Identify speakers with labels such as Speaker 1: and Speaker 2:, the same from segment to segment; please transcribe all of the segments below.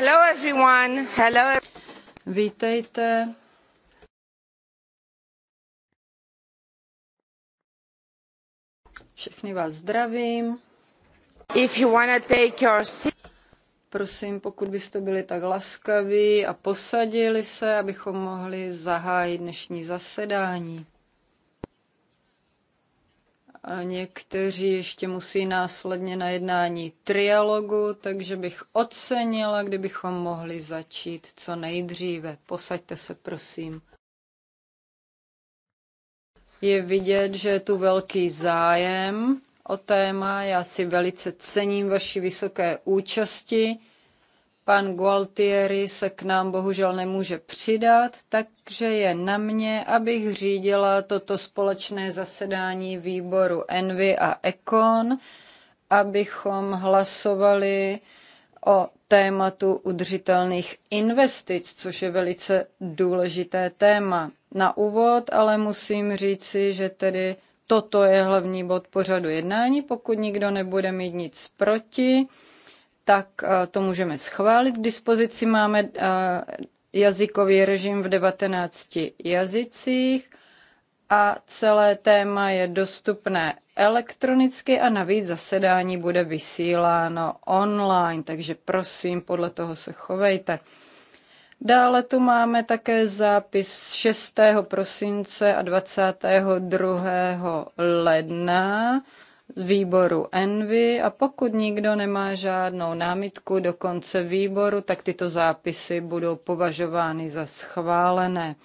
Speaker 1: Hello everyone. Hello. Vítejte. Všechny
Speaker 2: vás zdravím. If you wanna take your seat. Prosím, pokud byste byli tak laskaví a posadili se, abychom mohli zahájit dnešní zasedání. Někteří ještě musí následně na jednání trialogu, takže bych ocenila, kdybychom mohli začít co nejdříve. Posaďte se, prosím. Je vidět, že je tu velký zájem o téma. Já si velice cením vaší vysoké účasti. Pan Gualtieri se k nám bohužel nemůže přidat, takže je na mě, abych řídila toto společné zasedání výboru Envy a Econ, abychom hlasovali o tématu udržitelných investic, což je velice důležité téma. Na úvod ale musím říci, že tedy toto je hlavní bod pořadu jednání. Pokud nikdo nebude mít nic proti, tak eh, to můžeme schválit. K dispozici máme eh, jazykový režim v 19 jazycích a celé téma je dostupné elektronicky a navíc zasedání bude vysíláno online, takže prosím, podle toho se chovejte. Dále tu máme také zápis 6. prosince a 22. ledna z výboru Envy a pokud nikdo nemá žádnou námitku do konce výboru, tak tyto zápisy budou považovány za schválené.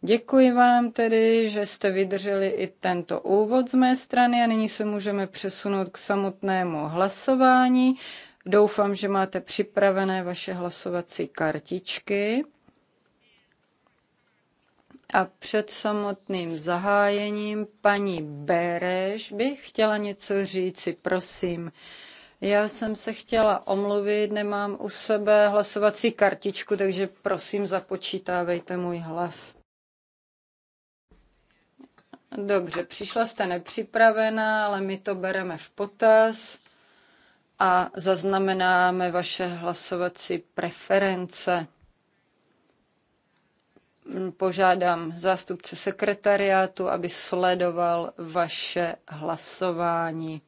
Speaker 2: Děkuji vám tedy, že jste vydrželi i tento úvod z mé strany a nyní se můžeme přesunout k samotnému hlasování. Doufám, že máte připravené vaše hlasovací kartičky. A před samotným zahájením paní Bereš bych chtěla něco říci, prosím. Já jsem se chtěla omluvit, nemám u sebe hlasovací kartičku, takže prosím započítávejte můj hlas. Dobře, přišla jste nepřipravená, ale my to bereme v potaz a zaznamenáme vaše hlasovací preference požádám zástupce sekretariátu, aby sledoval vaše hlasování.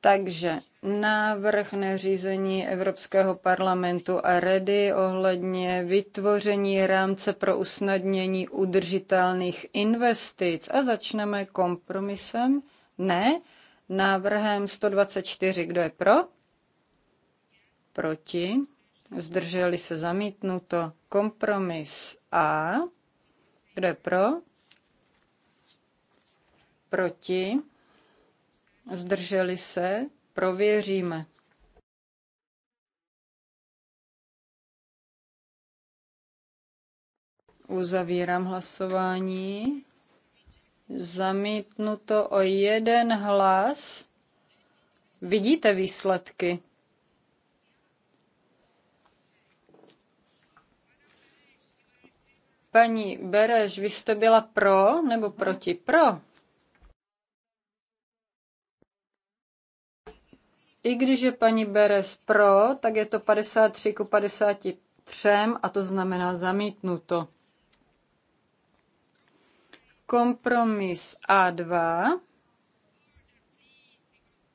Speaker 2: Takže návrh neřízení Evropského parlamentu a Rady ohledně vytvoření rámce pro usnadnění udržitelných investic. A začneme kompromisem? Ne. Návrhem 124. Kdo je pro? Proti? zdrželi se zamítnuto. Kompromis A, kdo je pro? Proti, zdrželi se, prověříme. Uzavírám hlasování. Zamítnuto o jeden hlas. Vidíte výsledky? Paní Bereš, vy jste byla pro nebo proti? Pro. I když je paní Beres pro, tak je to 53 ku 53 a to znamená zamítnuto. Kompromis A2.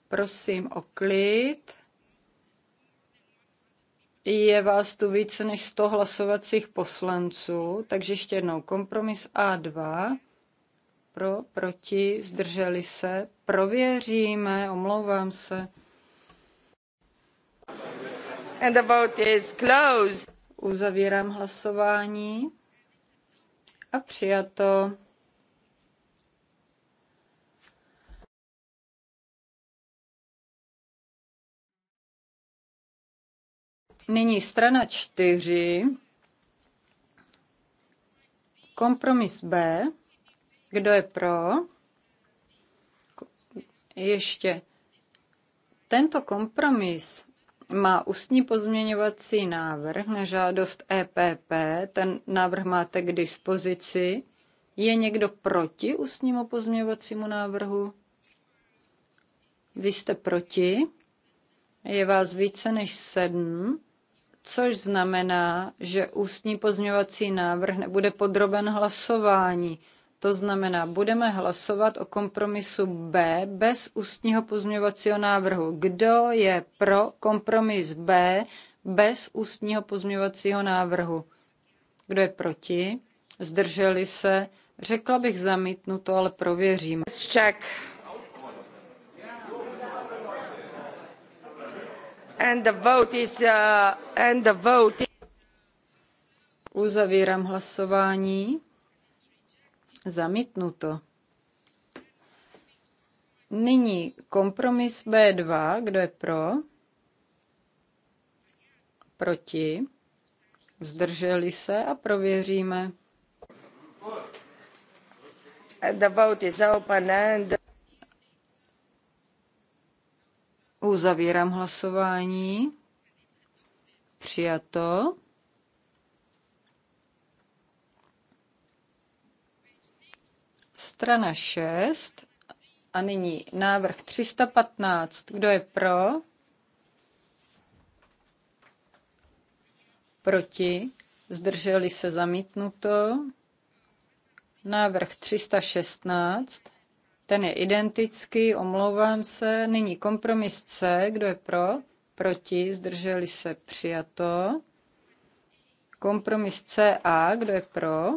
Speaker 2: Prosím o klid. Je vás tu více než 100 hlasovacích poslanců, takže ještě jednou kompromis A2. Pro, proti, zdrželi se. Prověříme, omlouvám se. And the vote is closed. Uzavírám hlasování a přijato. Nyní strana 4, kompromis B. Kdo je pro? Ještě tento kompromis má ústní pozměňovací návrh na žádost EPP. Ten návrh máte k dispozici. Je někdo proti ústnímu pozměňovacímu návrhu? Vy jste proti? Je vás více než sedm což znamená, že ústní pozměňovací návrh nebude podroben hlasování. To znamená, budeme hlasovat o kompromisu B bez ústního pozměňovacího návrhu. Kdo je pro kompromis B bez ústního pozměňovacího návrhu? Kdo je proti? Zdrželi se? Řekla bych zamítnuto, ale prověříme. Let's check. And the vote is, uh, and the vote is... Uzavírám hlasování. Zamítnuto. Nyní kompromis B2. Kdo je pro? Proti? Zdrželi se a prověříme. The vote is open and... Uzavírám hlasování. Přijato. Strana 6. A nyní návrh 315. Kdo je pro? Proti? Zdrželi se zamítnuto. Návrh 316. Ten je identický, omlouvám se. Nyní kompromis C, kdo je pro? Proti, zdrželi se, přijato. Kompromis CA, kdo je pro?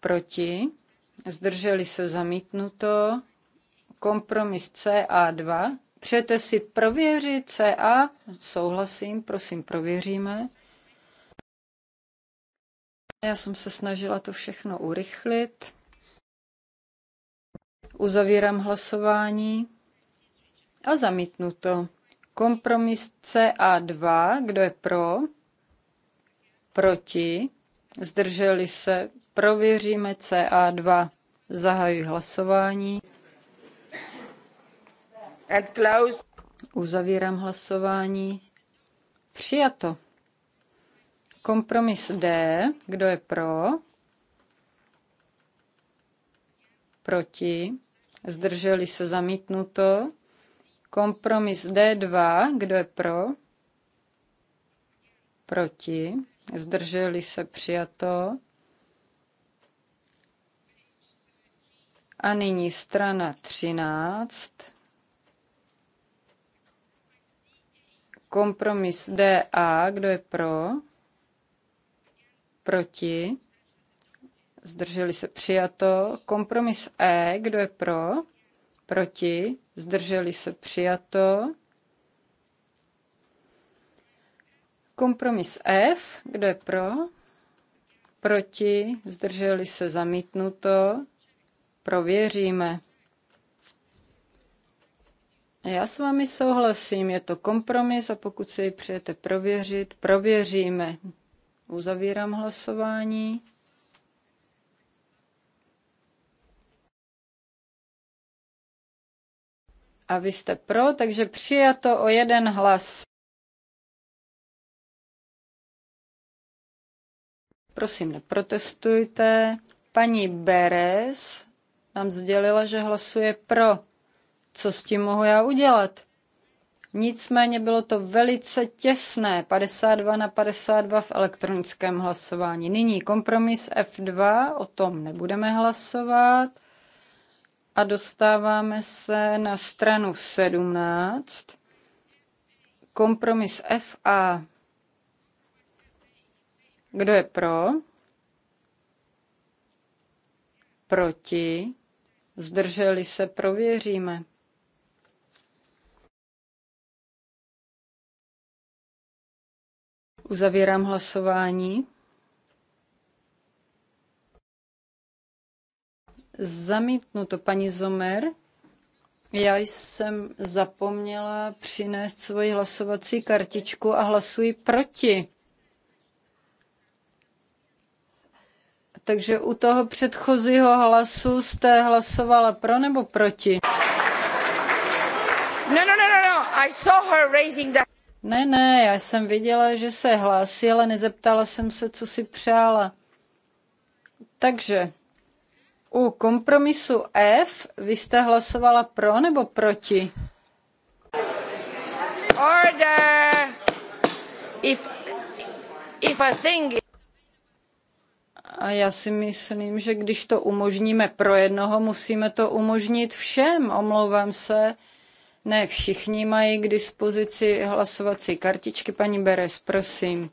Speaker 2: Proti, zdrželi se, zamítnuto. Kompromis CA2, Přejete si prověřit CA? Souhlasím, prosím, prověříme. Já jsem se snažila to všechno urychlit. Uzavírám hlasování a zamítnuto. Kompromis CA2, kdo je pro, proti, zdrželi se, prověříme CA2. Zahajuji hlasování. Uzavírám hlasování. Přijato. Kompromis D, kdo je pro, proti, zdrželi se zamítnuto. Kompromis D2, kdo je pro, proti, zdrželi se přijato. A nyní strana 13. Kompromis DA, kdo je pro, proti, zdrželi se přijato. Kompromis E, kdo je pro, proti, zdrželi se přijato. Kompromis F, kdo je pro, proti, zdrželi se zamítnuto. Prověříme. Já s vámi souhlasím, je to kompromis a pokud si ji přejete prověřit, prověříme. Uzavírám hlasování.
Speaker 1: A vy jste pro, takže přijato o jeden hlas.
Speaker 2: Prosím, neprotestujte. Paní Beres nám sdělila, že hlasuje pro. Co s tím mohu já udělat? Nicméně bylo to velice těsné, 52 na 52 v elektronickém hlasování. Nyní kompromis F2, o tom nebudeme hlasovat a dostáváme se na stranu 17, kompromis FA. Kdo je pro? Proti? Zdrželi se, prověříme.
Speaker 1: Uzavírám hlasování.
Speaker 2: Zamítnuto, paní Zomer. Já jsem zapomněla přinést svoji hlasovací kartičku a hlasuji proti. Takže u toho předchozího hlasu jste hlasovala pro nebo proti? No, no, no, no, no. I saw her raising the... Ne, ne, já jsem viděla, že se hlásí, ale nezeptala jsem se, co si přála. Takže u kompromisu F vy jste hlasovala pro nebo proti?
Speaker 3: Order!
Speaker 2: If, if I think... A já si myslím, že když to umožníme pro jednoho, musíme to umožnit všem. Omlouvám se, ne všichni mají k dispozici hlasovací kartičky. Paní Beres, prosím.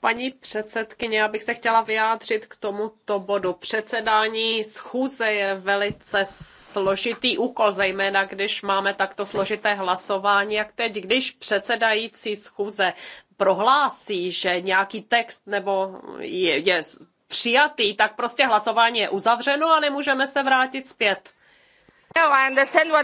Speaker 4: Paní předsedkyně, já bych se chtěla vyjádřit k tomuto bodu. Předsedání schůze je velice složitý úkol, zejména když máme takto složité hlasování, jak teď, když předsedající schůze prohlásí, že nějaký text nebo je, je přijatý, tak prostě hlasování je uzavřeno a nemůžeme se vrátit zpět.
Speaker 2: No,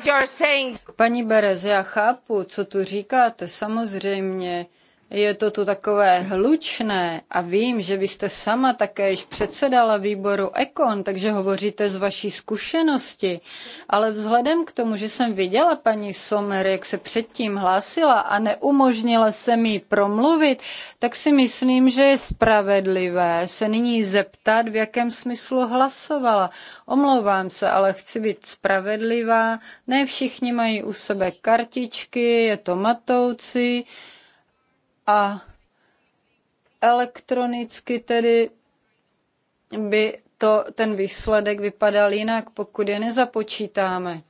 Speaker 2: Paní Berez, já chápu, co tu říkáte, samozřejmě je to tu takové hlučné a vím, že vy jste sama také již předsedala výboru Ekon, takže hovoříte z vaší zkušenosti. Ale vzhledem k tomu, že jsem viděla paní Sommer, jak se předtím hlásila a neumožnila se mi promluvit, tak si myslím, že je spravedlivé se nyní zeptat, v jakém smyslu hlasovala. Omlouvám se, ale chci být spravedlivá. Ne všichni mají u sebe kartičky, je to matoucí a elektronicky tedy by to, ten výsledek vypadal jinak, pokud je nezapočítáme.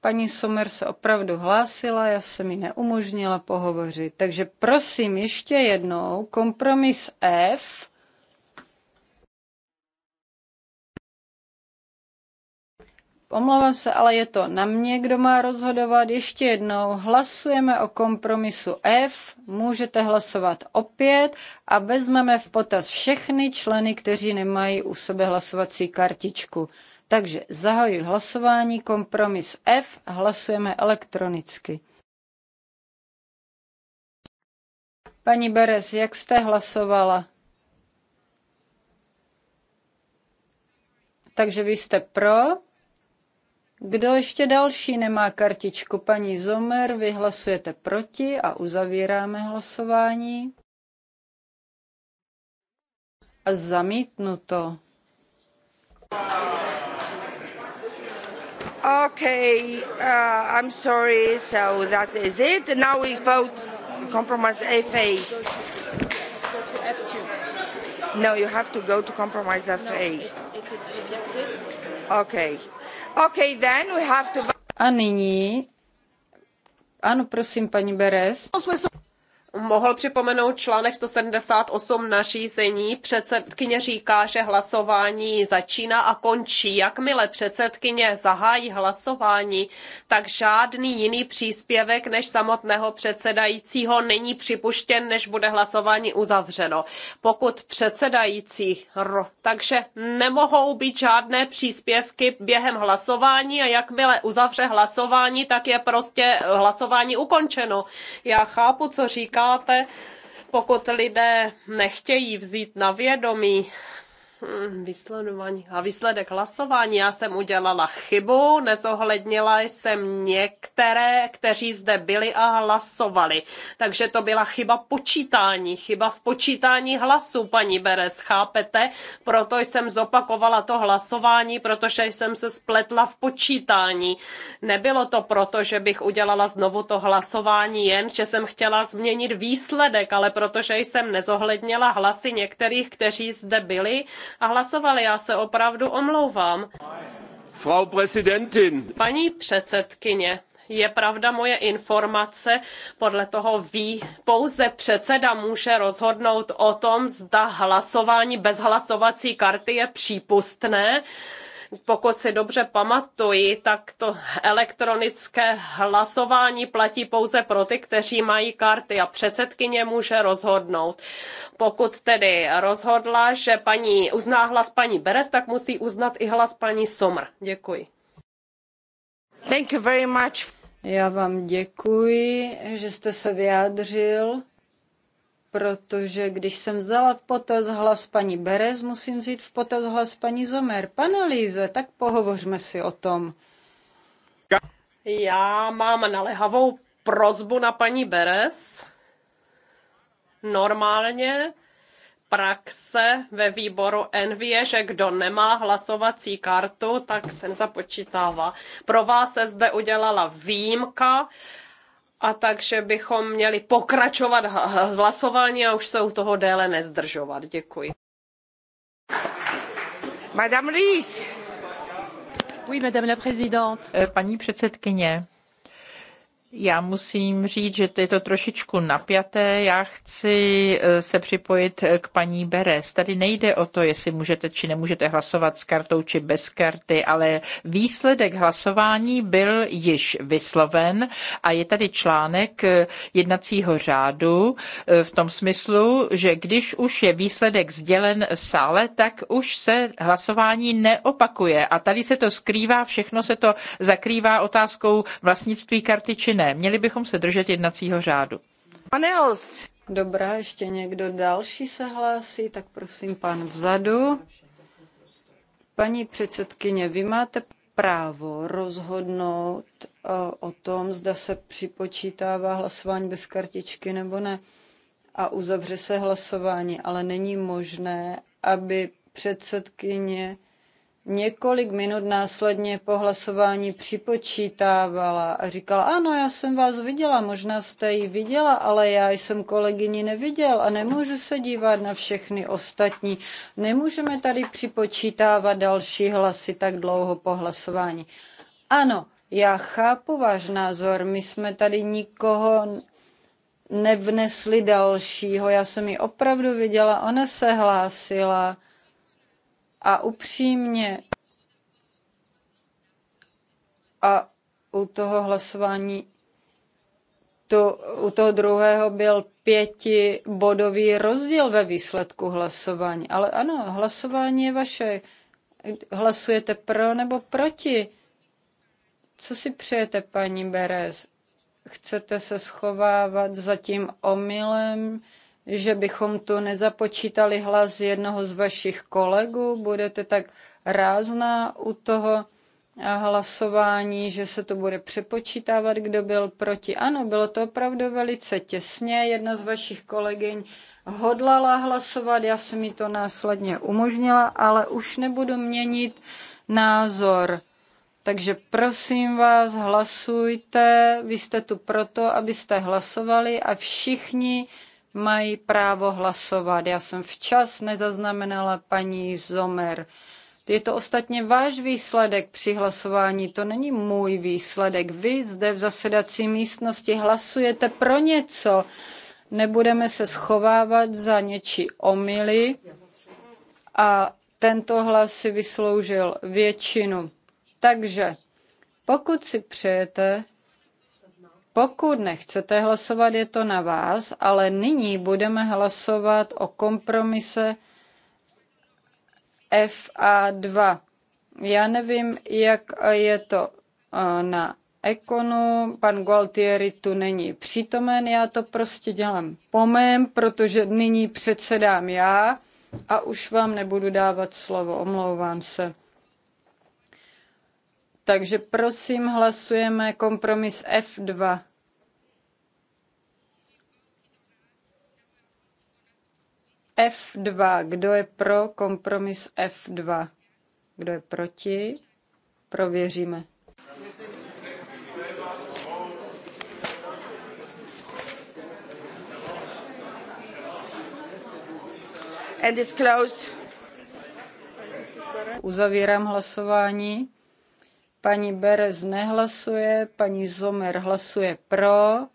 Speaker 2: Paní Somer se opravdu hlásila, já jsem ji neumožnila pohovořit. Takže prosím ještě jednou, kompromis F Omlouvám se, ale je to na mě, kdo má rozhodovat. Ještě jednou hlasujeme o kompromisu F, můžete hlasovat opět a vezmeme v potaz všechny členy, kteří nemají u sebe hlasovací kartičku. Takže zahoji hlasování, kompromis F, hlasujeme elektronicky. Paní Beres, jak jste hlasovala? Takže vy jste pro? Kdo ještě další nemá kartičku? Paní Zomer, vy hlasujete proti a uzavíráme hlasování. A zamítnuto. Okay, uh, I'm sorry, so that is it. Now we vote compromise FA. F2. No, you have to go to compromise FA. No, if, if it's rejected. Okay. Okay, then we have to... A nyní... Ano, prosím, paní Beres mohl připomenout
Speaker 4: článek 178 nařízení. Předsedkyně říká, že hlasování začíná a končí. Jakmile předsedkyně zahájí hlasování, tak žádný jiný příspěvek než samotného předsedajícího není připuštěn, než bude hlasování uzavřeno. Pokud předsedající, takže nemohou být žádné příspěvky během hlasování a jakmile uzavře hlasování, tak je prostě hlasování ukončeno. Já chápu, co říká říkáte, pokud lidé nechtějí vzít na vědomí Hm, vysledování a výsledek hlasování. Já jsem udělala chybu, nezohlednila jsem některé, kteří zde byli a hlasovali. Takže to byla chyba počítání, chyba v počítání hlasů, paní Beres, chápete? Proto jsem zopakovala to hlasování, protože jsem se spletla v počítání. Nebylo to proto, že bych udělala znovu to hlasování, jen že jsem chtěla změnit výsledek, ale protože jsem nezohlednila hlasy některých, kteří zde byli, a hlasovali. Já se opravdu omlouvám.
Speaker 3: Frau Präsidentin.
Speaker 4: Paní předsedkyně, je pravda moje informace, podle toho ví, pouze předseda může rozhodnout o tom, zda hlasování bez hlasovací karty je přípustné pokud si dobře pamatuji, tak to elektronické hlasování platí pouze pro ty, kteří mají karty a předsedkyně může rozhodnout. Pokud tedy rozhodla, že paní uzná hlas paní Beres, tak musí uznat i hlas paní Somr. Děkuji.
Speaker 2: Thank you very much. Já vám děkuji, že jste se vyjádřil protože když jsem vzala v potaz hlas paní Berez, musím vzít v potaz hlas paní Zomer. Pane Líze, tak pohovořme si o tom.
Speaker 4: Já mám nalehavou prozbu na paní Berez. Normálně praxe ve výboru NV je, že kdo nemá hlasovací kartu, tak se nezapočítává. Pro vás se zde udělala výjimka a takže bychom měli pokračovat v hlasování a už se u toho déle nezdržovat. Děkuji. Madame
Speaker 3: Ries. Oui, madame la présidente. Eh, paní předsedkyně, já musím říct, že to je to trošičku napjaté. Já chci eh, se připojit eh, k paní Beres. Tady nejde o to, jestli můžete či nemůžete hlasovat s kartou či bez karty, ale výsledek hlasování byl již vysloven a je tady článek eh, jednacího řádu v tom smyslu, že když už je výsledek sdělen v sále, tak už se hlasování neopakuje. A tady se to skrývá, všechno se to zakrývá otázkou vlastnictví karty či ne. Měli bychom se držet jednacího řádu.
Speaker 2: Panels. Dobrá, ještě někdo další se hlásí, tak prosím, pán vzadu. Paní předsedkyně, vy máte právo rozhodnout eh, o tom, zda se připočítává hlasování bez kartičky nebo ne. A uzavře se hlasování, ale není možné, aby předsedkyně několik minut následně po hlasování připočítávala a říkala, ano, já jsem vás viděla, možná jste ji viděla, ale já jsem kolegyni neviděl a nemůžu se dívat na všechny ostatní. Nemůžeme tady připočítávat další hlasy tak dlouho po hlasování. Ano, já chápu váš názor, my jsme tady nikoho nevnesli dalšího, já jsem ji opravdu viděla, ona se hlásila a upřímně, a u toho hlasování to, u toho druhého byl pětibodový rozdíl ve výsledku hlasování. Ale ano, hlasování je vaše. Hlasujete pro nebo proti? Co si přejete, paní Berez? Chcete se schovávat za tím omylem, že bychom tu nezapočítali hlas jednoho z vašich kolegů? Budete tak rázná u toho hlasování, že se to bude přepočítávat, kdo byl proti? Ano, bylo to opravdu velice těsně. Jedna z vašich kolegyň hodlala hlasovat, já jsem mi to následně umožnila, ale už nebudu měnit názor. Takže prosím vás, hlasujte, vy jste tu proto, abyste hlasovali a všichni mají právo hlasovat. Já jsem včas nezaznamenala paní Zomer. Je to ostatně váš výsledek při hlasování, to není můj výsledek. Vy zde v zasedací místnosti hlasujete pro něco. Nebudeme se schovávat za něčí omily a tento hlas si vysloužil většinu. Takže pokud si přejete, pokud nechcete hlasovat, je to na vás, ale nyní budeme hlasovat o kompromise FA2. Já nevím, jak je to eh, na ekonu, pan Gualtieri tu není přítomen, já to prostě dělám po mém, protože nyní předsedám já a už vám nebudu dávat slovo, omlouvám se. Takže prosím, hlasujeme kompromis F2. F2. Kdo je pro kompromis F2? Kdo je proti? Prověříme. And it's closed. Uzavírám hlasování. Paní Berez nehlasuje, paní Zomer hlasuje pro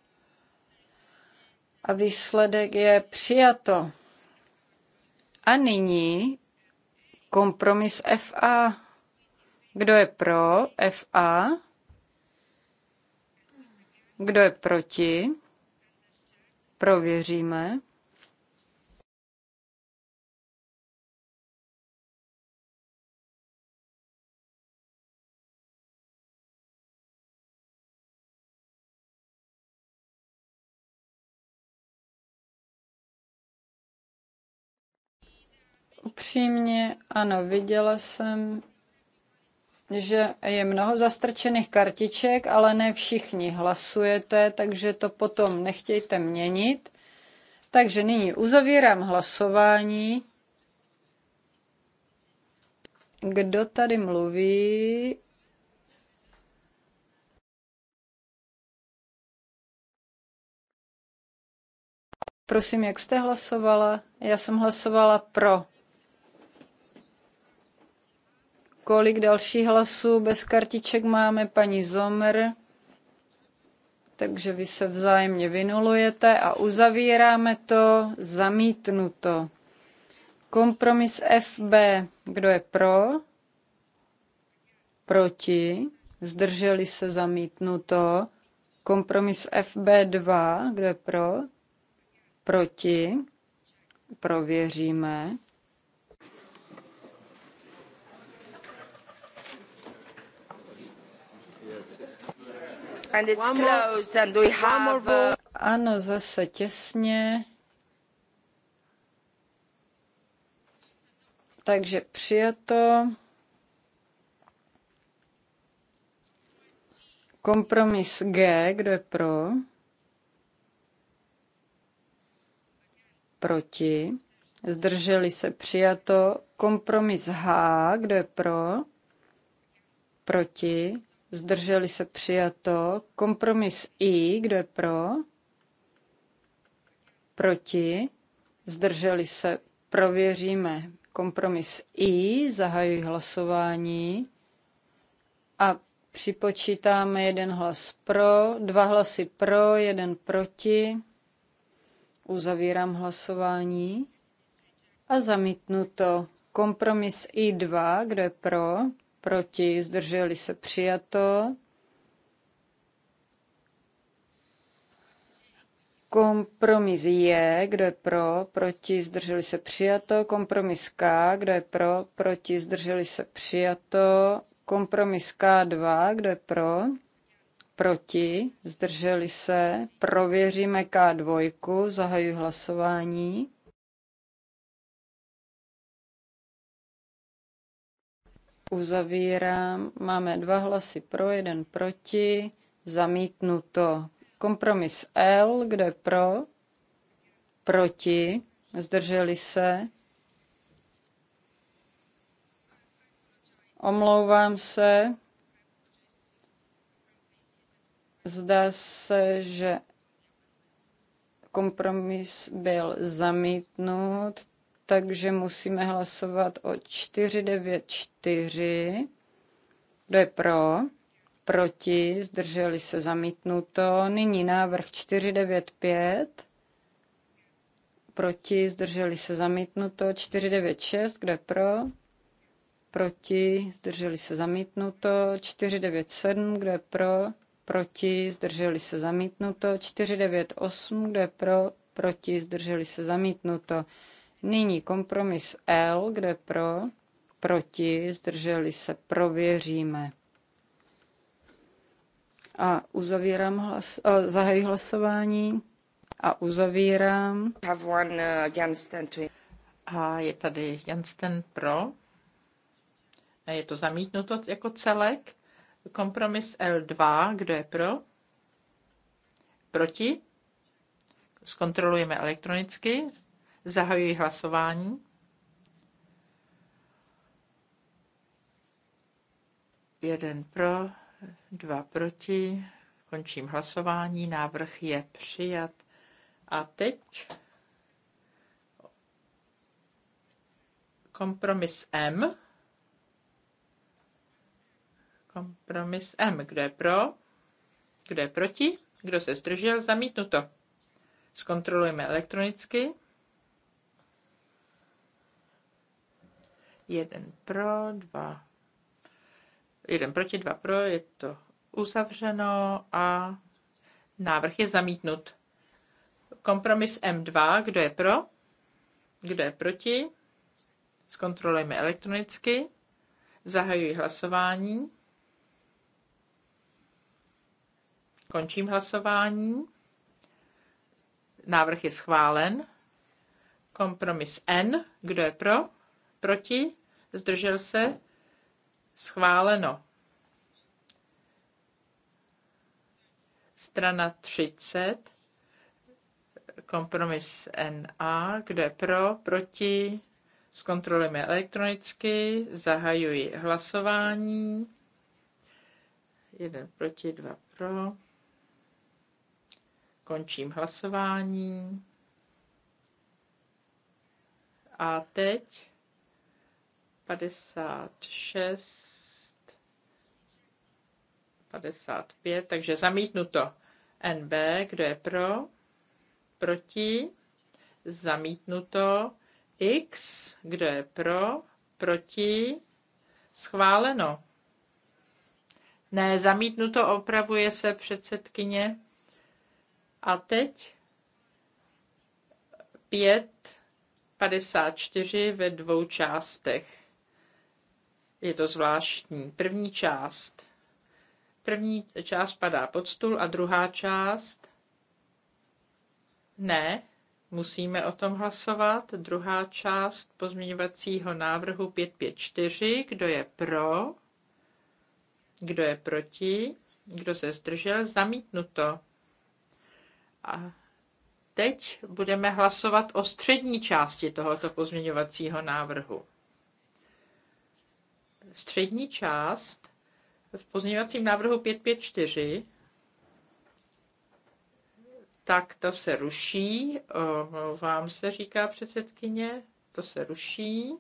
Speaker 2: a výsledek je přijato. A nyní kompromis FA. Kdo je pro FA? Kdo je proti? Prověříme. Upřímně, ano, viděla jsem, že je mnoho zastrčených kartiček, ale ne všichni hlasujete, takže to potom nechtějte měnit. Takže nyní uzavírám hlasování. Kdo tady mluví?
Speaker 1: Prosím, jak jste
Speaker 2: hlasovala? Já jsem hlasovala pro. Kolik dalších hlasů bez kartiček máme? Paní Zomer. Takže vy se vzájemně vynulujete a uzavíráme to zamítnuto. Kompromis FB. Kdo je pro? Proti? Zdrželi se zamítnuto. Kompromis FB2. Kdo je pro? Proti? Prověříme. And it's closed and we have... Uh, ano, zase těsně. Takže přijato. Kompromis G, kdo je pro? Proti. Zdrželi se přijato. Kompromis H, kdo je pro? Proti zdrželi se přijato. Kompromis I, kdo je pro, proti, zdrželi se, prověříme. Kompromis I, zahajuji hlasování a připočítáme jeden hlas pro, dva hlasy pro, jeden proti. Uzavírám hlasování a zamítnu to. Kompromis I2, kdo je pro, proti, zdrželi se přijato. Kompromis je, kdo je pro, proti, zdrželi se přijato. Kompromis K, kdo je pro, proti, zdrželi se přijato. Kompromis K2, kdo je pro, proti, zdrželi se. Prověříme K2, zahajuji hlasování. Uzavírám. Máme dva hlasy pro, jeden proti. Zamítnuto. Kompromis L, kde pro, proti, zdrželi se. Omlouvám se. Zdá se, že kompromis byl zamítnut, takže musíme hlasovat o 494. Kdo je pro? Proti? Zdrželi se zamítnuto. Nyní návrh 495. Proti? Zdrželi se zamítnuto. 496. Kdo je pro? Proti? Zdrželi se zamítnuto. 497. Kdo je pro? Proti? Zdrželi se zamítnuto. 498. Kdo je pro? Proti? Zdrželi se zamítnuto. Nyní kompromis L, kde pro, proti, zdrželi se, prověříme. A uzavírám hlas, uh, hlasování a uzavírám. Have one, uh,
Speaker 3: Jansten to... A je tady Jansten pro. A je to zamítnuto jako celek. Kompromis L2, kdo je pro? Proti? Zkontrolujeme elektronicky. Zahajuji hlasování. Jeden pro, dva proti. Končím hlasování. Návrh je přijat. A teď kompromis M. Kompromis M. Kdo je pro? Kdo je proti? Kdo se zdržel? Zamítnuto. Zkontrolujeme elektronicky. jeden pro, dva, jeden proti, dva pro, je to uzavřeno a návrh je zamítnut. Kompromis M2, kdo je pro, kdo je proti, zkontrolujeme elektronicky, zahajuji hlasování, končím hlasování, návrh je schválen, kompromis N, kdo je pro, Proti? Zdržel se? Schváleno. Strana 30. Kompromis NA. Kdo je pro? Proti? Zkontrolujeme elektronicky. Zahajuji hlasování. Jeden proti, dva pro. Končím hlasování. A teď 56, 55, takže zamítnuto. NB, kdo je pro, proti, zamítnuto. X, kdo je pro, proti, schváleno. Ne, zamítnuto opravuje se předsedkyně. A teď 5, 54 ve dvou částech je to zvláštní. První část. První část padá pod stůl a druhá část ne. Musíme o tom hlasovat. Druhá část pozměňovacího návrhu 554. Kdo je pro? Kdo je proti? Kdo se zdržel? Zamítnuto. A teď budeme hlasovat o střední části tohoto pozměňovacího návrhu střední část v pozměňovacím návrhu 554, tak to se ruší. Vám se, říká předsedkyně, to se ruší.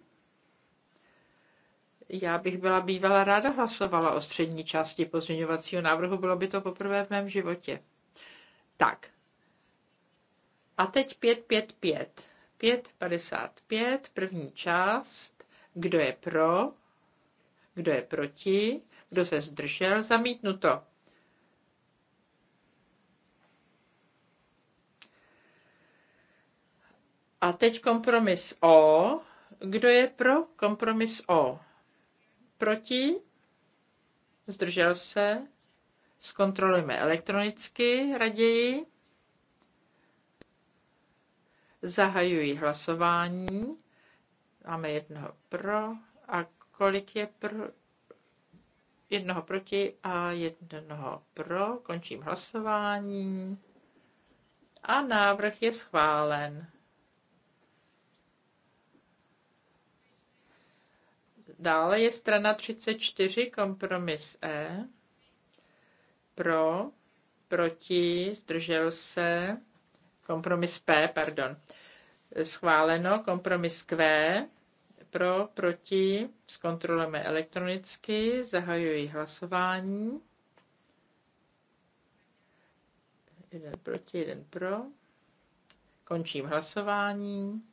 Speaker 3: Já bych byla bývala ráda hlasovala o střední části pozměňovacího návrhu, bylo by to poprvé v mém životě. Tak. A teď 555. 555, první část. Kdo je pro? Kdo je proti? Kdo se zdržel? Zamítnuto. A teď kompromis O. Kdo je pro kompromis O? Proti? Zdržel se? Zkontrolujeme elektronicky raději. Zahajuji hlasování. Máme jednoho pro a kolik je pro, jednoho proti a jednoho pro. Končím hlasování. A návrh je schválen. Dále je strana 34, kompromis E. Pro, proti, zdržel se, kompromis P, pardon. Schváleno, kompromis Q, pro, proti, zkontrolujeme elektronicky, zahajuji hlasování. Jeden proti, jeden pro. Končím hlasování.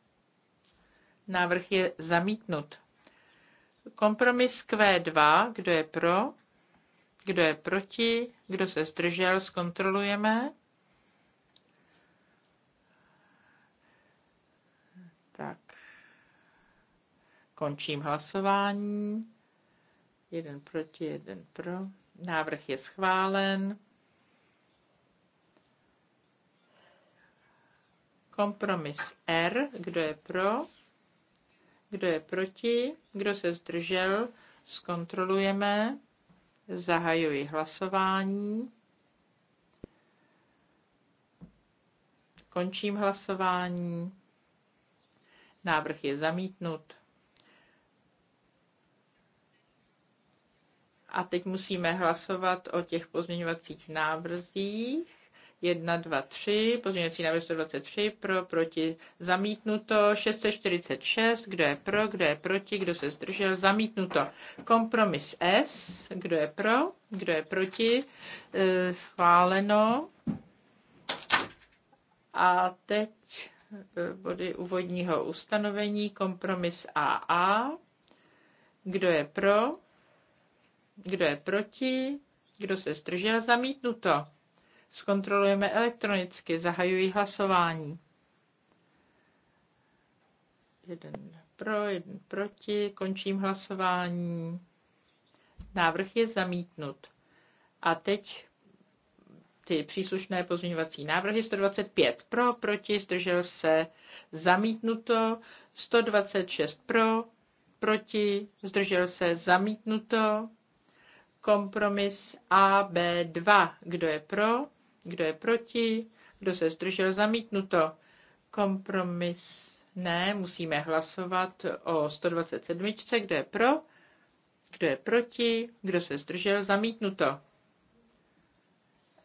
Speaker 3: Návrh je zamítnut. Kompromis Q2, kdo je pro, kdo je proti, kdo se zdržel, zkontrolujeme. Končím hlasování. Jeden proti, jeden pro. Návrh je schválen. Kompromis R. Kdo je pro? Kdo je proti? Kdo se zdržel? Zkontrolujeme. Zahajuji hlasování. Končím hlasování. Návrh je zamítnut. A teď musíme hlasovat o těch pozměňovacích návrzích. 1, 2, 3, pozměňovací návrh 123, pro, proti, zamítnuto, 646, kdo je pro, kdo je proti, kdo se zdržel, zamítnuto. Kompromis S, kdo je pro, kdo je proti, e, schváleno. A teď e, body úvodního ustanovení, kompromis AA, kdo je pro, kdo je proti? Kdo se zdržel? Zamítnuto. Zkontrolujeme elektronicky. Zahajuji hlasování. Jeden pro, jeden proti. Končím hlasování. Návrh je zamítnut. A teď ty příslušné pozměňovací návrhy 125 pro, proti, zdržel se zamítnuto, 126 pro, proti, zdržel se zamítnuto, Kompromis AB2. Kdo je pro? Kdo je proti? Kdo se zdržel? Zamítnuto. Kompromis ne, musíme hlasovat o 127. Kdo je pro? Kdo je proti? Kdo se zdržel? Zamítnuto.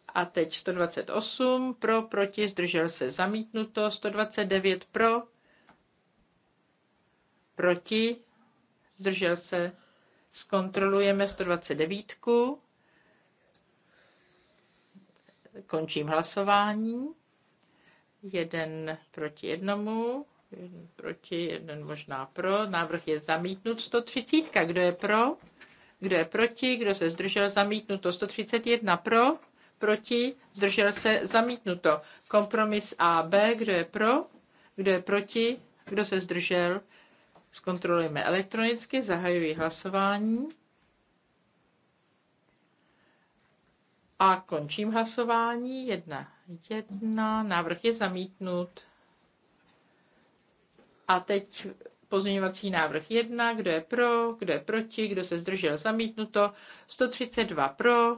Speaker 3: A teď 128 pro, proti, zdržel se, zamítnuto. 129 pro, proti, zdržel se, Zkontrolujeme 129. Končím hlasování. Jeden proti jednomu, jeden proti, jeden možná pro. Návrh je zamítnut 130. Kdo je pro? Kdo je proti? Kdo se zdržel? Zamítnuto 131 pro, proti, zdržel se, zamítnuto. Kompromis AB, kdo je pro? Kdo je proti? Kdo se zdržel? Zkontrolujeme elektronicky, zahajuji hlasování a končím hlasování. Jedna, jedna, návrh je zamítnut. A teď pozměňovací návrh Jedna, kdo je pro, kdo je proti, kdo se zdržel zamítnuto, 132 pro,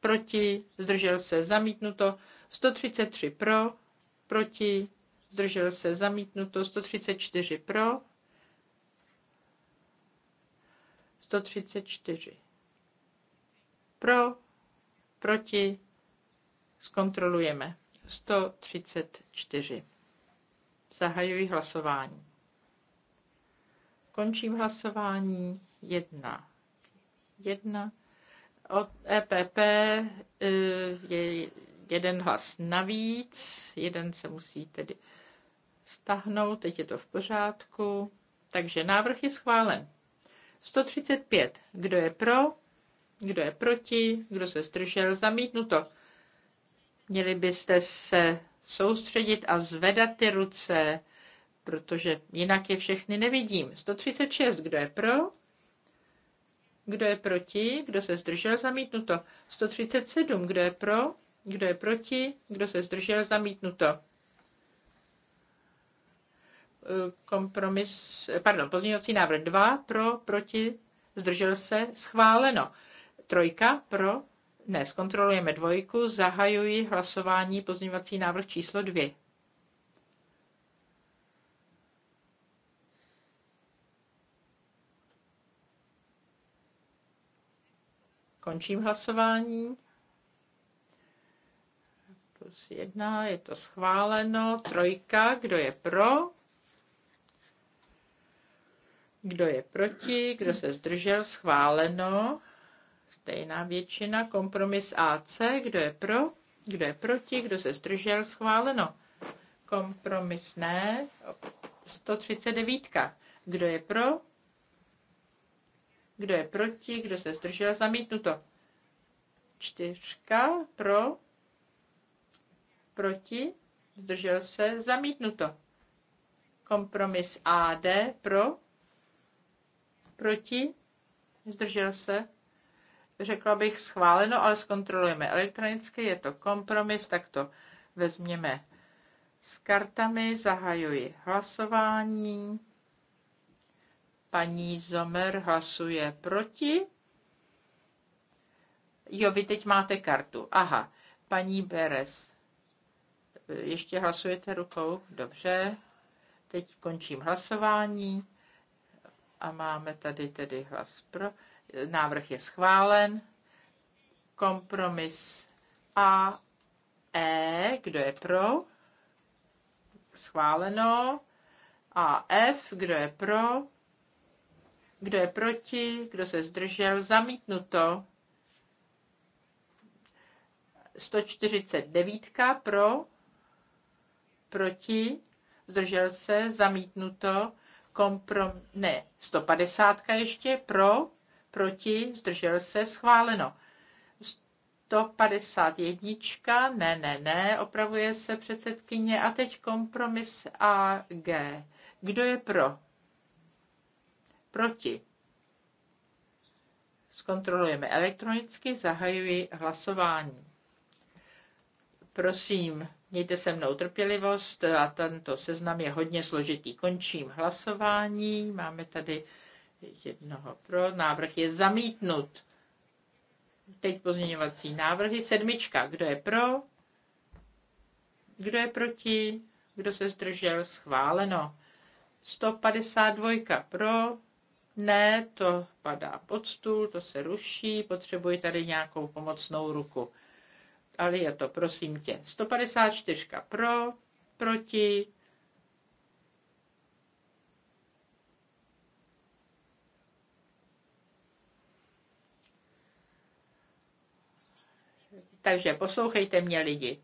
Speaker 3: proti, zdržel se zamítnuto, 133 pro, proti, zdržel se zamítnuto 134 pro, 134 pro, proti, zkontrolujeme 134. Zahajuji hlasování. Končím hlasování 1. 1. Od EPP eh, je jeden hlas navíc, jeden se musí tedy Stahnout, teď je to v pořádku. Takže návrh je schválen. 135. Kdo je pro? Kdo je proti? Kdo se zdržel? Zamítnuto. Měli byste se soustředit a zvedat ty ruce, protože jinak je všechny nevidím. 136. Kdo je pro? Kdo je proti? Kdo se zdržel? Zamítnuto. 137. Kdo je pro? Kdo je proti? Kdo se zdržel? Zamítnuto kompromis, pardon, pozměňovací návrh 2 pro, proti, zdržel se, schváleno. Trojka pro, ne, zkontrolujeme dvojku, zahajuji hlasování pozměňovací návrh číslo 2. Končím hlasování. Plus jedna, je to schváleno. Trojka, kdo je pro? Kdo je proti? Kdo se zdržel? Schváleno. Stejná většina. Kompromis AC. Kdo je pro? Kdo je proti? Kdo se zdržel? Schváleno. Kompromis ne. 139. Kdo je pro? Kdo je proti? Kdo se zdržel? Zamítnuto. Čtyřka pro, proti, zdržel se, zamítnuto. Kompromis AD pro, Proti? Zdržel se? Řekla bych schváleno, ale zkontrolujeme elektronicky. Je to kompromis, tak to vezměme s kartami. Zahajuji hlasování. Paní Zomer hlasuje proti. Jo, vy teď máte kartu. Aha, paní Beres. Ještě hlasujete rukou? Dobře. Teď končím hlasování. A máme tady tedy hlas pro. Návrh je schválen. Kompromis A, E, kdo je pro? Schváleno. A F, kdo je pro? Kdo je proti? Kdo se zdržel? Zamítnuto. 149 pro, proti, zdržel se, zamítnuto. Komprom... Ne, 150 ještě pro, proti, zdržel se, schváleno. 151, ne, ne, ne, opravuje se předsedkyně. A teď kompromis a G, Kdo je pro? Proti. Zkontrolujeme elektronicky, zahajuji hlasování. Prosím, Mějte se mnou trpělivost a tento seznam je hodně složitý. Končím hlasování. Máme tady jednoho pro. Návrh je zamítnut. Teď pozměňovací návrhy. Sedmička. Kdo je pro? Kdo je proti? Kdo se zdržel? Schváleno. 152 pro. Ne, to padá pod stůl, to se ruší. Potřebuji tady nějakou pomocnou ruku ale je to, prosím tě, 154 pro, proti, Takže poslouchejte mě lidi.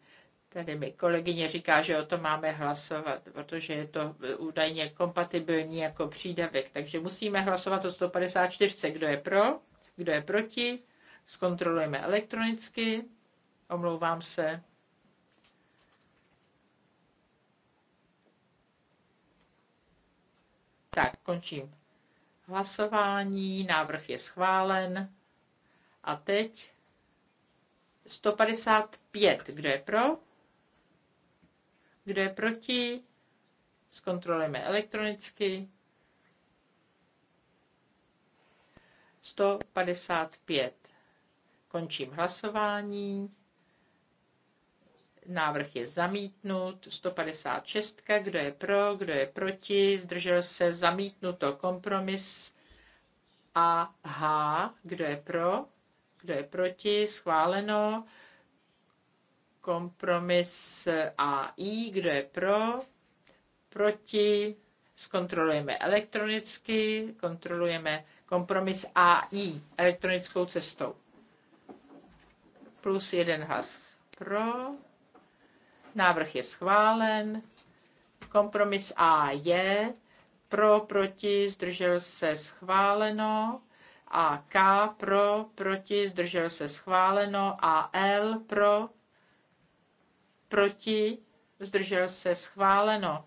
Speaker 3: Tady mi kolegyně říká, že o to máme hlasovat, protože je to údajně kompatibilní jako přídavek. Takže musíme hlasovat o 154. Kdo je pro? Kdo je proti? Zkontrolujeme elektronicky. Omlouvám se. Tak, končím hlasování. Návrh je schválen. A teď 155. Kdo je pro? Kdo je proti? Zkontrolujeme elektronicky. 155. Končím hlasování. Návrh je zamítnut. 156. Kdo je pro, kdo je proti? Zdržel se zamítnuto kompromis a H. Kdo je pro, kdo je proti? Schváleno. Kompromis A I, Kdo je pro, proti? Zkontrolujeme elektronicky. Kontrolujeme kompromis A I elektronickou cestou. Plus jeden hlas pro Návrh je schválen. Kompromis A je pro, proti, zdržel se schváleno. A K pro, proti, zdržel se schváleno. A L pro, proti, zdržel se schváleno.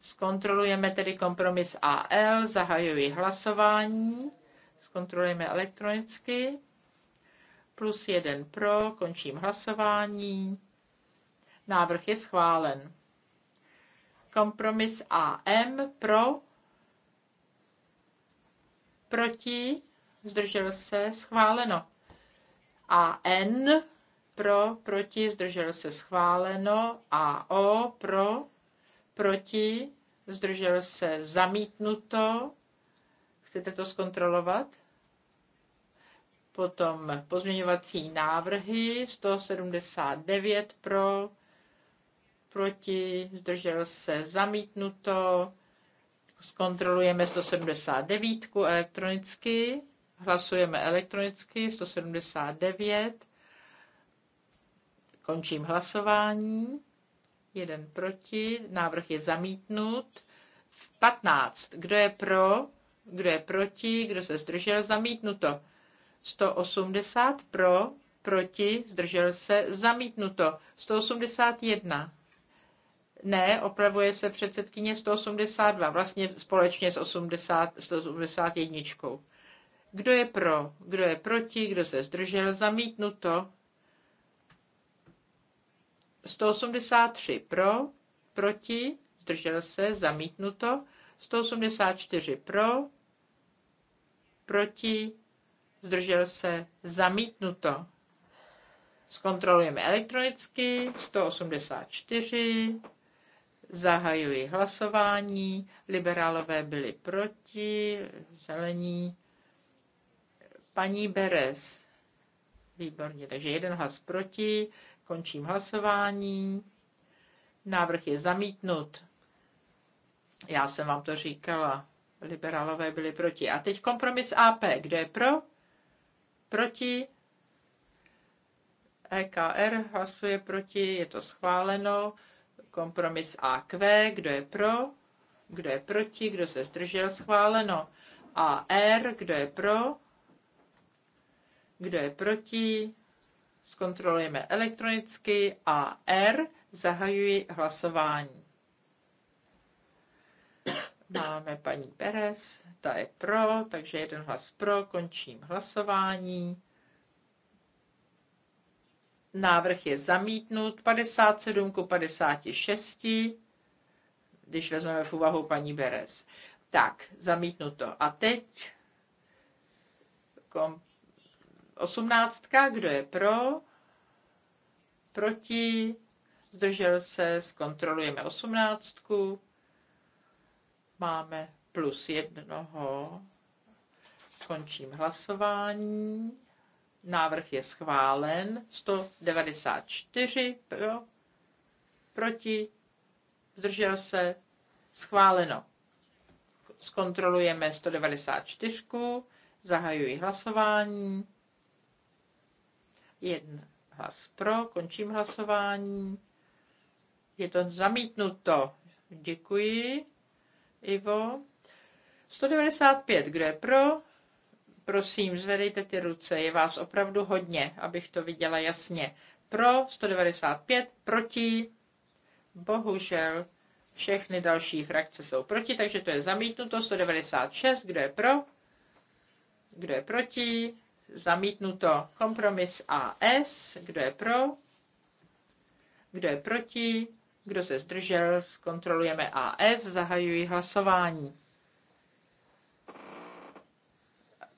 Speaker 3: Zkontrolujeme tedy kompromis AL, zahajuji hlasování, zkontrolujeme elektronicky, plus jeden pro, končím hlasování, Návrh je schválen. Kompromis AM pro, proti, zdržel se, schváleno. A N pro, proti, zdržel se, schváleno. A O pro, proti, zdržel se, zamítnuto. Chcete to zkontrolovat? Potom pozměňovací návrhy 179 pro, proti, zdržel se zamítnuto. Zkontrolujeme 179 elektronicky, hlasujeme elektronicky 179. Končím hlasování. Jeden proti, návrh je zamítnut. 15. Kdo je pro? Kdo je proti? Kdo se zdržel? Zamítnuto. 180 pro, proti, zdržel se, zamítnuto. 181 ne, opravuje se předsedkyně 182, vlastně společně s 80, 181. Kdo je pro, kdo je proti, kdo se zdržel, zamítnuto. 183 pro, proti, zdržel se, zamítnuto. 184 pro, proti, zdržel se, zamítnuto. Zkontrolujeme elektronicky, 184, Zahajuji hlasování. Liberálové byli proti, zelení. Paní Beres. Výborně, takže jeden hlas proti. Končím hlasování. Návrh je zamítnut. Já jsem vám to říkala. Liberálové byli proti. A teď kompromis AP. Kdo je pro? Proti? EKR hlasuje proti, je to schváleno. Kompromis AQ, kdo je pro, kdo je proti, kdo se zdržel, schváleno. AR, kdo je pro, kdo je proti, zkontrolujeme elektronicky. AR, zahajuji hlasování. Máme paní Perez, ta je pro, takže jeden hlas pro, končím hlasování. Návrh je zamítnut 57 ku 56, když vezmeme v úvahu paní Beres. Tak, zamítnuto. A teď 18. Kdo je pro? Proti? Zdržel se? Zkontrolujeme 18. Máme plus jednoho. Končím hlasování. Návrh je schválen. 194 pro, proti, zdržel se, schváleno. Zkontrolujeme 194. Zahajuji hlasování. Jeden hlas pro, končím hlasování. Je to zamítnuto. Děkuji, Ivo. 195, kdo je pro? Prosím, zvedejte ty ruce, je vás opravdu hodně, abych to viděla jasně. Pro 195, proti, bohužel všechny další frakce jsou proti, takže to je zamítnuto. 196, kdo je pro, kdo je proti, zamítnuto. Kompromis AS, kdo je pro, kdo je proti, kdo se zdržel, zkontrolujeme AS, zahajuji hlasování.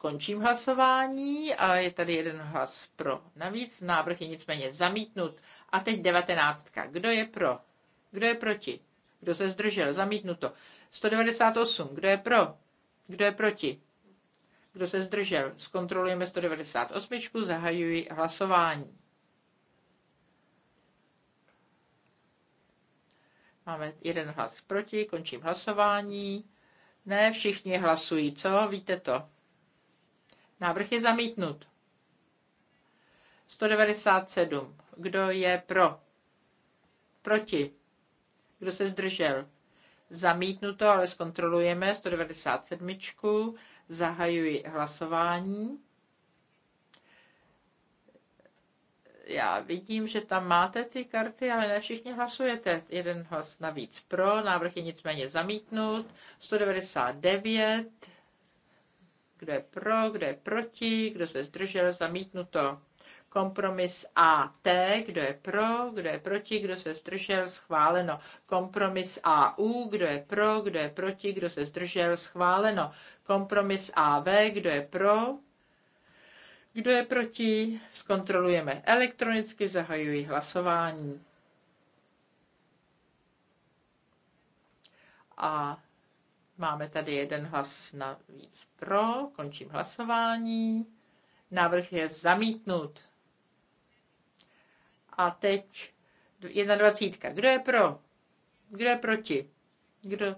Speaker 3: Končím hlasování a je tady jeden hlas pro navíc. Návrh je nicméně zamítnut. A teď devatenáctka. Kdo je pro? Kdo je proti? Kdo se zdržel? Zamítnuto. 198. Kdo je pro? Kdo je proti? Kdo se zdržel? Zkontrolujeme 198. Zahajuji hlasování. Máme jeden hlas proti, končím hlasování. Ne, všichni hlasují, co? Víte to? Návrh je zamítnut. 197. Kdo je pro? Proti? Kdo se zdržel? Zamítnuto, ale zkontrolujeme 197. Zahajuji hlasování. Já vidím, že tam máte ty karty, ale ne všichni hlasujete. Jeden hlas navíc pro, návrh je nicméně zamítnut. 199 kdo je pro, kdo je proti, kdo se zdržel, zamítnuto. Kompromis AT, kdo je pro, kdo je proti, kdo se zdržel, schváleno. Kompromis AU, kdo je pro, kdo je proti, kdo se zdržel, schváleno. Kompromis AV, kdo je pro, kdo je proti, zkontrolujeme elektronicky, zahajuji hlasování. A Máme tady jeden hlas na víc pro. Končím hlasování. Návrh je zamítnut. A teď 21. Kdo je pro? Kdo je proti? Kdo?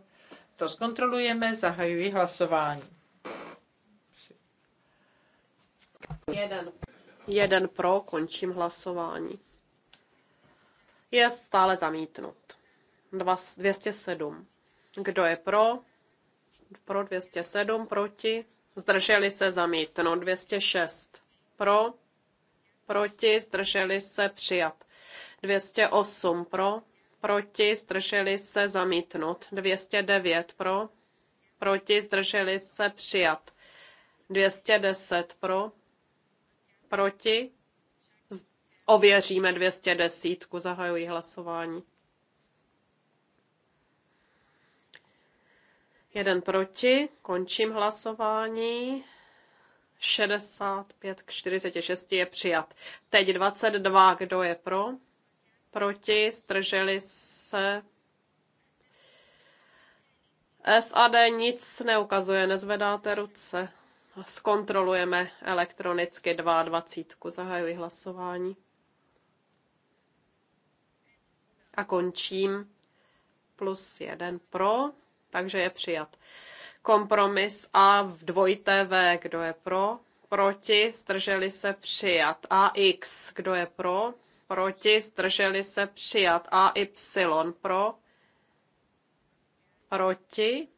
Speaker 3: To zkontrolujeme, zahajuji hlasování.
Speaker 4: Jeden. Jeden pro, končím hlasování. Je stále zamítnut. Dva, 207. Kdo je pro? pro 207, proti, zdrželi se zamítnout 206, pro, proti, zdrželi se přijat 208, pro, proti, zdrželi se zamítnout 209, pro, proti, zdrželi se přijat 210, pro, proti, ověříme 210, zahajuji hlasování. Jeden proti, končím hlasování. 65 k 46 je přijat. Teď 22, kdo je pro? Proti, strželi se. SAD nic neukazuje, nezvedáte ruce. Zkontrolujeme elektronicky 22. Zahajuji hlasování. A končím. Plus jeden pro takže je přijat. Kompromis A v dvojité V, kdo je pro, proti, zdrželi se přijat. A X, kdo je pro, proti, zdrželi se přijat. A Y pro, proti,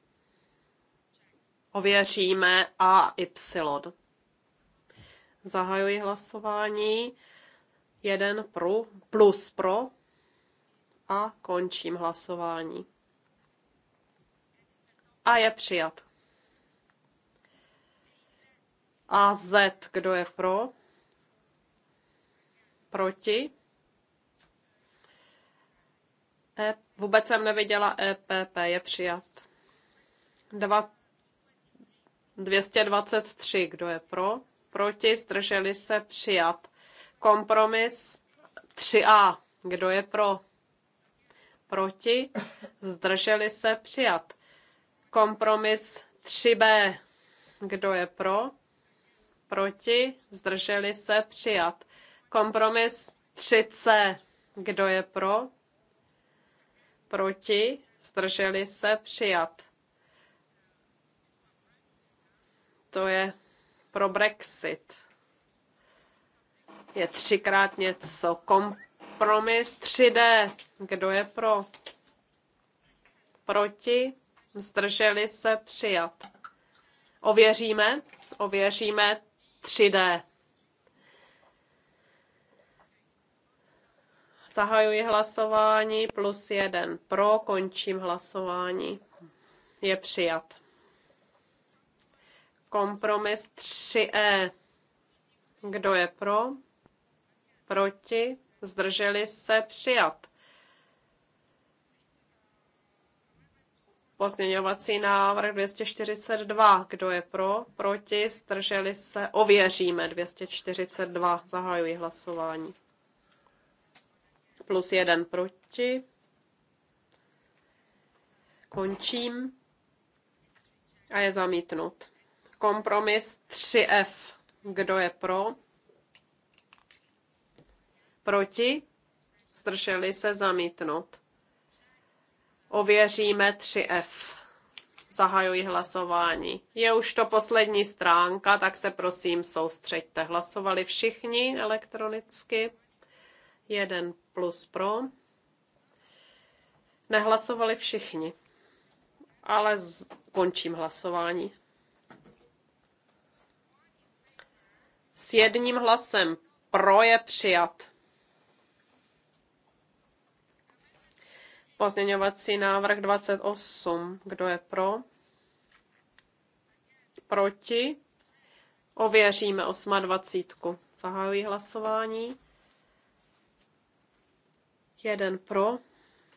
Speaker 4: ověříme A, Y. Zahajuji hlasování. Jeden pro, plus pro a končím hlasování a je přijat. A Z, kdo je pro? Proti? E, vůbec jsem neviděla EPP, je přijat. Dva, 223, kdo je pro? Proti, zdrželi se, přijat. Kompromis 3A, kdo je pro? Proti, zdrželi se, přijat Kompromis 3b. Kdo je pro? Proti? Zdrželi se? Přijat. Kompromis 3c. Kdo je pro? Proti? Zdrželi se? Přijat. To je pro Brexit. Je třikrát něco. Kompromis 3D. Kdo je pro? Proti? zdrželi se přijat. Ověříme, ověříme 3D. Zahajuji hlasování, plus jeden pro, končím hlasování. Je přijat. Kompromis 3E. Kdo je pro? Proti? Zdrželi se přijat. Pozměňovací návrh 242. Kdo je pro? Proti? Strželi se? Ověříme. 242. Zahajuji hlasování. Plus jeden proti. Končím. A je zamítnut. Kompromis 3F. Kdo je pro? Proti? Strželi se? Zamítnut. Ověříme 3F. Zahajuji hlasování. Je už to poslední stránka, tak se prosím soustřeďte. Hlasovali všichni elektronicky. Jeden plus pro. Nehlasovali všichni, ale končím hlasování. S jedním hlasem pro je přijat. Pozměňovací návrh 28. Kdo je pro? Proti? Ověříme 28. Zahajuji hlasování. Jeden pro.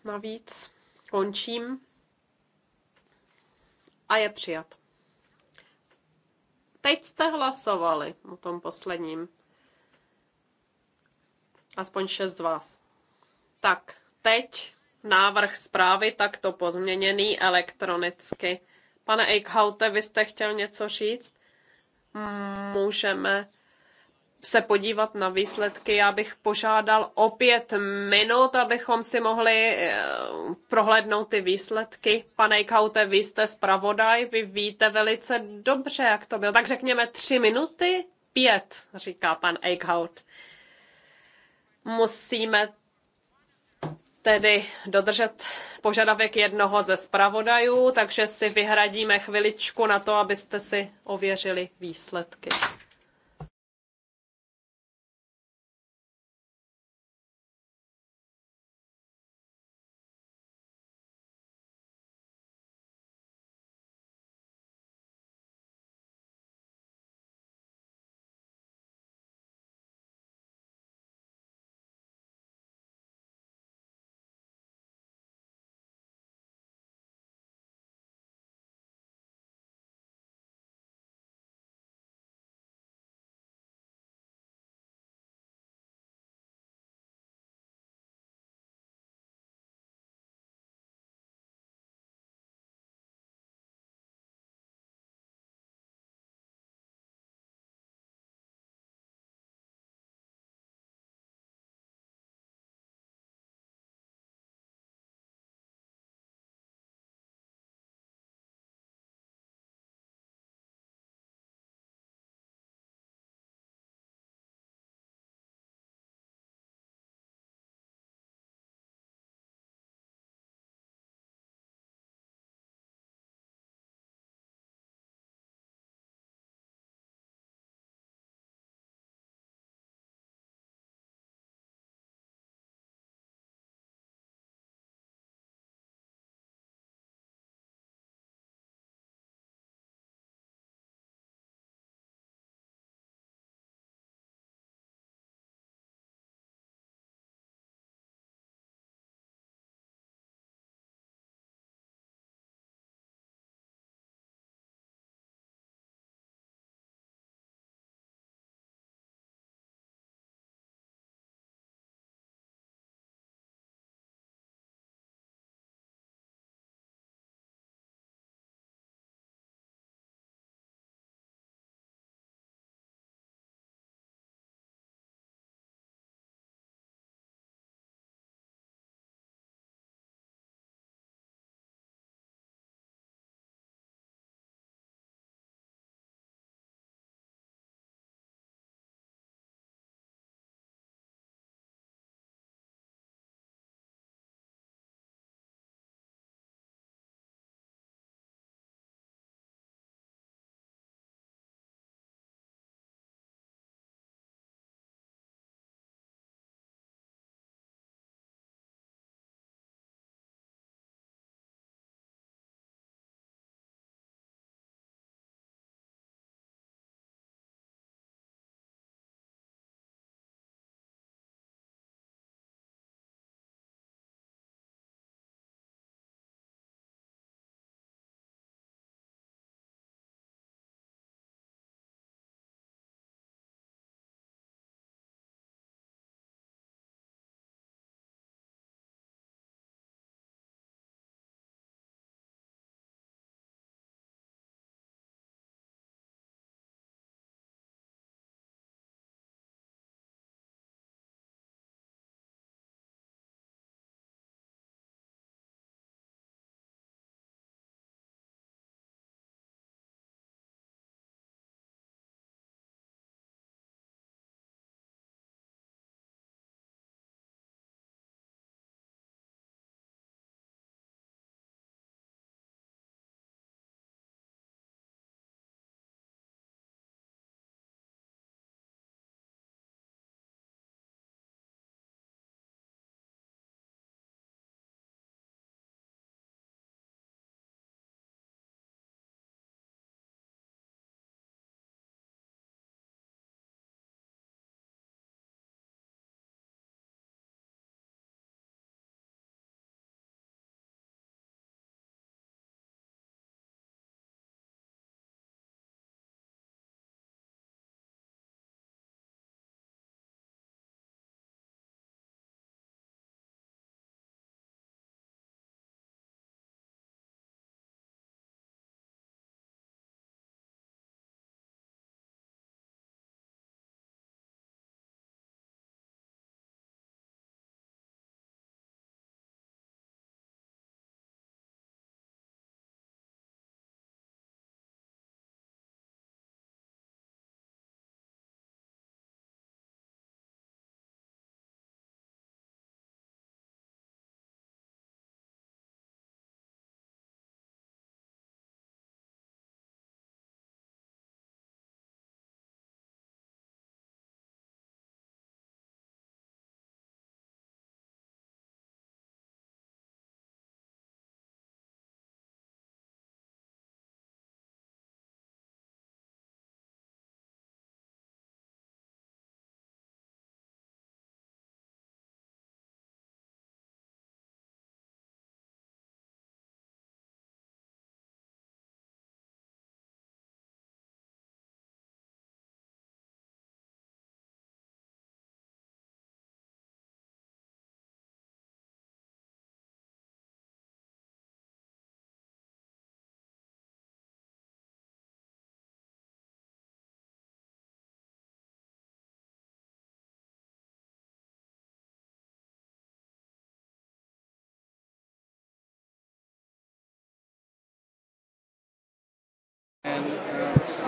Speaker 4: Navíc končím. A je přijat. Teď jste hlasovali o tom posledním. Aspoň šest z vás. Tak, teď návrh zprávy takto pozměněný elektronicky. Pane Eichhaute, vy jste chtěl něco říct? Můžeme se podívat na výsledky. Já bych požádal o pět minut, abychom si mohli eh, prohlédnout ty výsledky. Pane Eichhaute, vy jste zpravodaj, vy víte velice dobře, jak to bylo. Tak řekněme tři minuty, pět, říká pan Eichhaut. Musíme tedy dodržet požadavek jednoho ze zpravodajů, takže si vyhradíme chviličku na to, abyste si ověřili výsledky.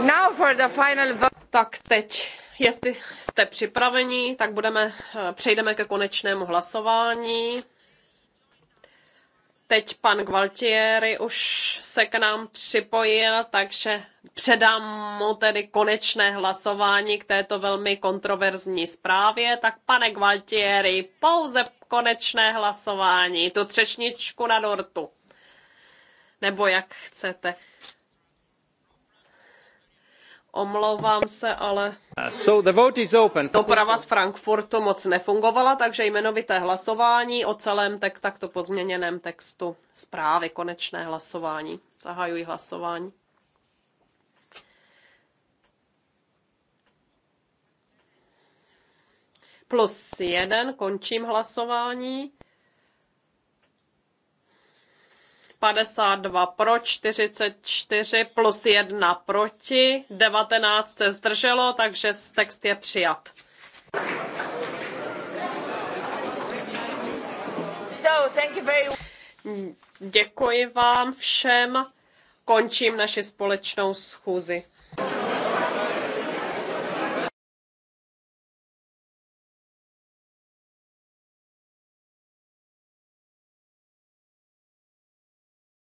Speaker 4: Now for the final vote. Tak teď, jestli jste připraveni, tak budeme, eh, přejdeme ke konečnému hlasování. Teď pan Gvaltieri už se k nám připojil, takže předám mu tedy konečné hlasování k této velmi kontroverzní zprávě. Tak pane Gvaltieri, pouze konečné hlasování, tu třešničku na dortu. Nebo jak chcete. Omlouvám se, ale
Speaker 3: uh, so the vote is open. doprava z
Speaker 4: Frankfurtu moc nefungovala, takže jmenovité hlasování o celém text, takto pozměněném textu zprávy, konečné hlasování. Zahajuji hlasování. Plus jeden, končím hlasování. 52 pro, 44 plus 1 proti, 19 se zdrželo, takže text je přijat. So, thank you very... Děkuji vám všem. Končím naši společnou schůzi.